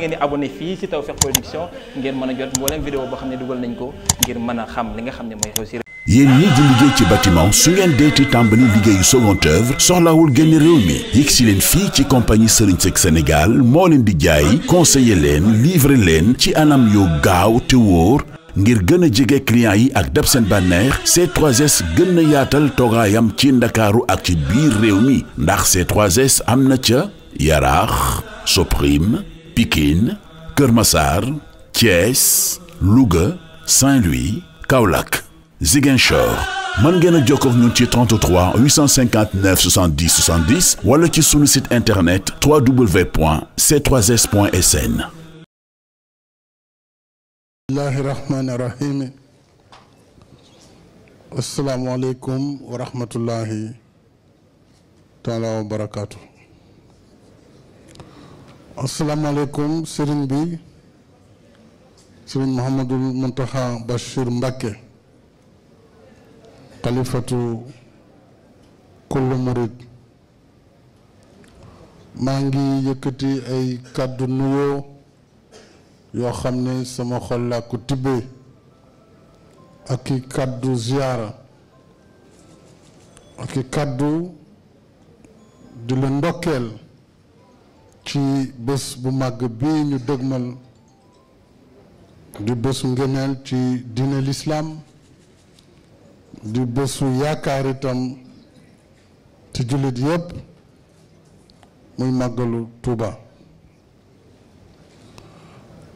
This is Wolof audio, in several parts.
ngeen di abonné fii ci Tawfekh ngeen mën a jot mboolem vidéo boo xam ne dugal nañ ko ngir mën a xam li nga xam ne mooy xew ci yéen ñii di liggéey ci bâtiment su ngeen deeti tàmbali liggéeyu seconde œuvre soxlawul génn réew mi yegg si leen fii ci compagnie Serigne Seck Sénégal moo leen di jaay conseiller leen livrer leen ci anam yoo gaaw te wóor ngir gën a jege client yi ak dab seen bànneex c 3 gën a yaatal toogaayam ci ndakaaru ak ci biir réew mi ndax c 3 am na ca Yaraax Soprim Pikine Kër Massar Thiès Louga Saint-Louis Kaolack Ziguinchor mën ngeen a jokkoo ak ñun ci 33 859 70 70 wala ci sunu site internet www.c3s.sn bismillahi rahmaani rahim assalaamu aleykum wa asalaamaaleykum sëriñ bi sëriñ Mouhamadul Mountakha Bachir Mbacké xalifatu kullu maa ngi yëkkati ay kàddu nuyoo yoo xam ne sama xol laa ko tibbee ak i kàddu ziyaara ak i kàddu di la ndokkeel ci bés bu màgg bii ñu dëgmal di bésu ngëneel ci diine lislaam di bésu yaakaar itam ci jullit yépp muy màggalu Tuuba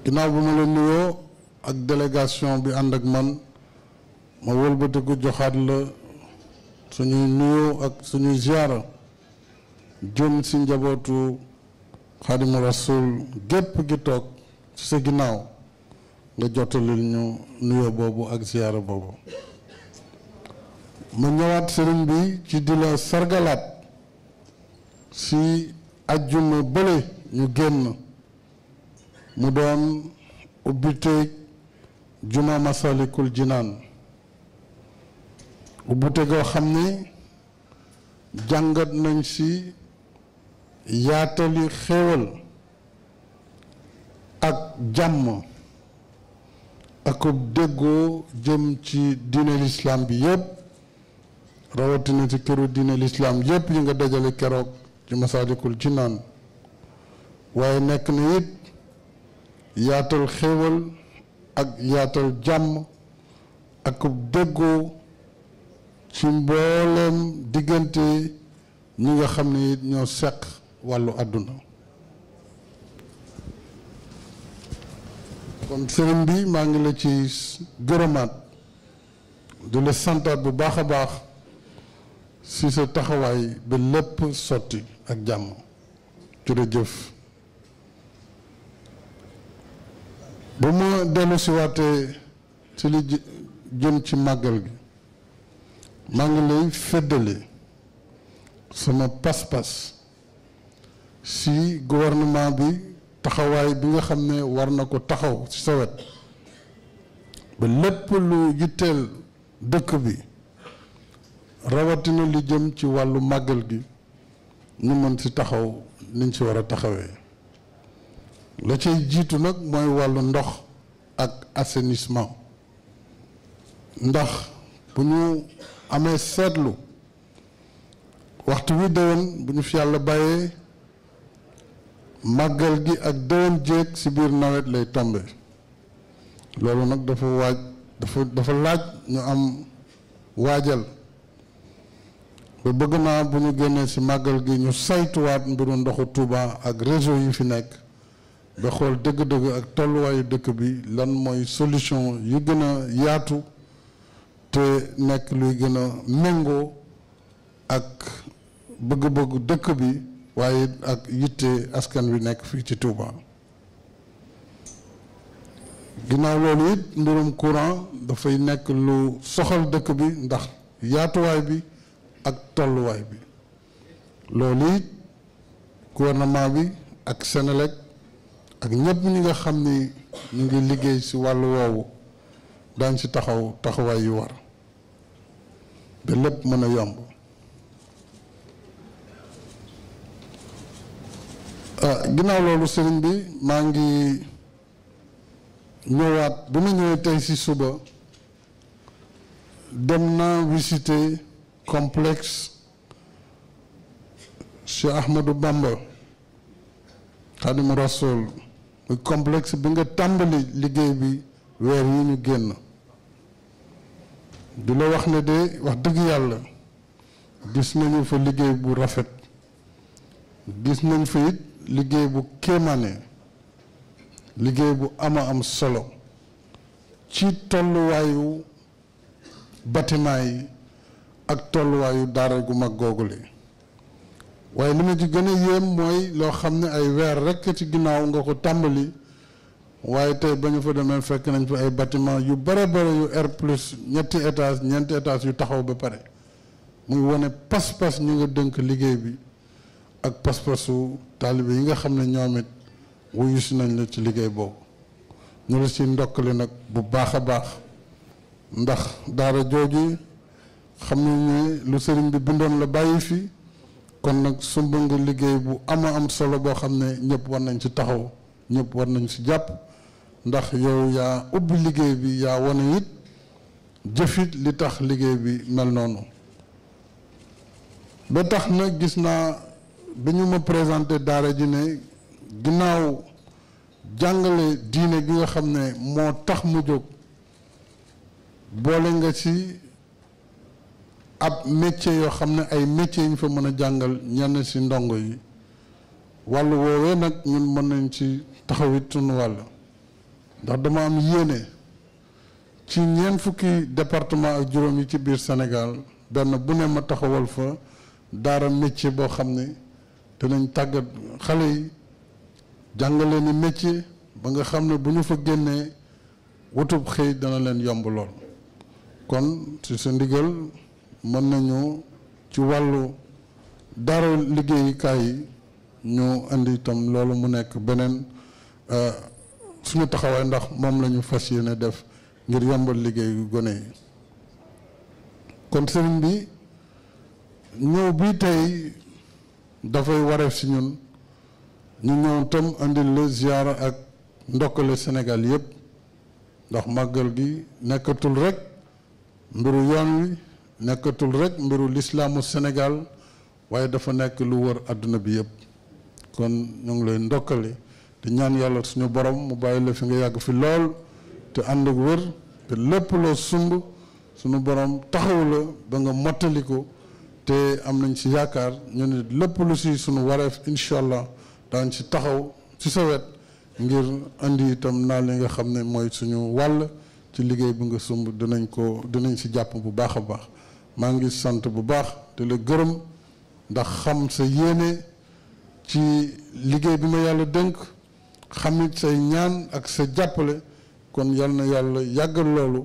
ginnaaw bu ma la nuyoo ak délégation bi ànd ak man ma wëlbatiku joxaat la suñuy nuyoo ak suñuy ziyaara jëm ci njabootu xaadimu rasul gépp gi toog ci sa ginnaaw nga jottalil ñu nuyoo boobu ak ziyaara boobu ma ñëwaat sëriñ bi ci di la sargalaat si ajjuma bële ñu génn mu doon ubbiteeg juma masalikul jinaan ubbite xam ni jàngat nañ si yaatali xéewal ak jàmm akub déggoo jëm ci diine lislaam bi yépp rawatina ci këru diine lislaam yépp yi nga dajale keroog ci ci naan waaye nekk na it yaatal xéewal ak yaatal jàmm akub déggoo ci mbooleem diggante ñi nga xam ne it ñoo seq wàllu àdduna kon sëriñ bi maa ngi la ci gërëmaat di la santaat bu baax a baax ci sa taxawaay ba lépp sotti ak jàmm jërëjëf bu ma dellu si waatee ci li jëm ci màggal gi maa ngi lay féddale sama pas-pas si gouvernement bi taxawaay bi nga xam ne war na ko taxaw ci sa wet ba lépp lu yitteel dëkk bi rawatina li jëm ci wàllu màggal gi ñu mën ci taxaw niñ ci war a taxawee la ciy jiitu nag mooy wàllu ndox ak assainissement ndax bu ñu amee seetlu waxtu wi déwén bu ñu fi yàlla bàyyee màggal gi ak dëwam jéeg ci biir nawet lay tombe loolu nag dafa waaj dafa dafa laaj ñu am waajal ba bëgg naa bu ñu génnee si màggal gi ñu saytuwaat mbiru ndoxu Touba ak réseau yi fi nekk ba xool dëgg-dëgg ak tolluwaayu dëkk bi lan mooy solution yu gën a yaatu te nekk luy gën a méngoo ak bëgg-bëggu dëkk bi waaye ak yitte askan wi nekk fii ci Touba ginnaaw loolu it mbirum courant dafay nekk lu soxal dëkk bi ndax yaatuwaay bi ak tolluwaay bi loolu it gouvernement bi ak Senelec ak ñëpp ñi nga xam ni ñu ngi liggéey ci wàll woowu daañ ci taxaw taxawaay yu war ba lépp mën a yomb Euh, ginnaaw loolu sëriñ bi maa ngi ñëwaat bi ma ñëwee tey ci suba dem naa visiter complexe Cheikh Ahmadou Bamba Xadim Rasoul complexe bi nga tàmbali liggéey bi weer yi ñu génn di la wax ne de wax dëgg yàlla gis nañu fa liggéey bu rafet gis nañ fa it liggéey bu kéemaane liggéey bu ama am solo ci tolluwaayu bâtiment yi ak tolluwaayu daara gu mag googule waaye li ma ci gën a yéem mooy loo xam ne ay weer rekk ci ginnaaw nga ko tàmbali waaye tey ba ñu fa demee fekk nañ fa ay bâtiment yu bare bare yu R plus ñetti étage ñeenti étage yu taxaw ba pare muy wane pas-pas ñu ngi dënk liggéey bi ak pas-pasu taalibe yi nga xam ne ñoom it wuyu nañ la ci liggéey boobu ñu la si ndokkale nag bu baax a baax ndax daara jooju xam ne lu sëriñ bi bindoon la bàyyi fi kon nag sumb nga liggéey bu ama am solo boo xam ne ñëpp war nañ ci taxaw ñëpp war nañ ci jàpp ndax yow yaa ubbi liggéey bi yaa wane it jëfit li tax liggéey bi mel noonu ba tax na gis naa bi ñu ma présenté daara ji ne ginnaaw jàngale diine gi nga xam ne moo tax mu jóg boole nga ci ab métier yoo xam ne ay métier ñu fa mën a jàngal ñenn ci ndongo yi wàllu woowee nag ñun mën nañ ci taxawit sunu wàll ndax dama am yéene ci ñeent fukki département ak juróom yi ci biir Sénégal benn bu ne ma taxawal fa daara métier boo xam ne danañ tàggat xale yi jàngale ni métier ba nga xam ne bu ñu fa génnee wutub xëy dana leen yomb lool kon su sa ndigal mën nañu ci wàllu daara liggéeyukaay yi ñu indi itam loolu mu nekk beneen euh, suñu taxawaay ndax moom lañu fas fas yéene def ngir yombal liggéeyu gone yi kon sëriñ bi ñëw bii tey dafay wareef si ñun ñu ñëw tam andil la ziyaara ak ndokkale Sénégal yépp ndax màggal gi nekkatul rekk mbiru yoon wi nekkatul rek mbiru lislaamu Sénégal waaye dafa nekk lu wër àdduna bi yépp kon ñu ngi lay ndokkale te ñaan yàlla suñu borom mu bàyyi la fi nga yàgg fi lool te ànd ak wër te lépp loo sumb suñu borom taxaw la ba nga mottali ko te am nañ si yaakaar ñu ne lépp lu si suñu wareef incha allah daañ ci taxaw ci sa wet ngir indi itam naa li nga xam ne mooy suñu wàll ci liggéey bi nga sumb dinañ ko dinañ si jàpp bu baax a baax maa ngi sant bu baax te la gërëm ndax xam sa yéene ci liggéey bi ma yàlla dénk xamit say ñaan ak sa jàppale kon yal na yàlla yàggal loolu